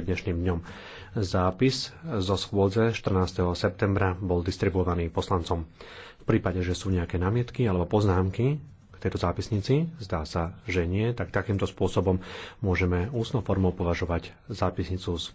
dnešným dňom. Zápis zo schôdze 14. septembra bol distribuovaný poslancom. V prípade, že sú nejaké námietky alebo poznámky k tejto zápisnici, zdá sa, že nie, tak takýmto spôsobom môžeme ústnou formou považovať zápisnicu z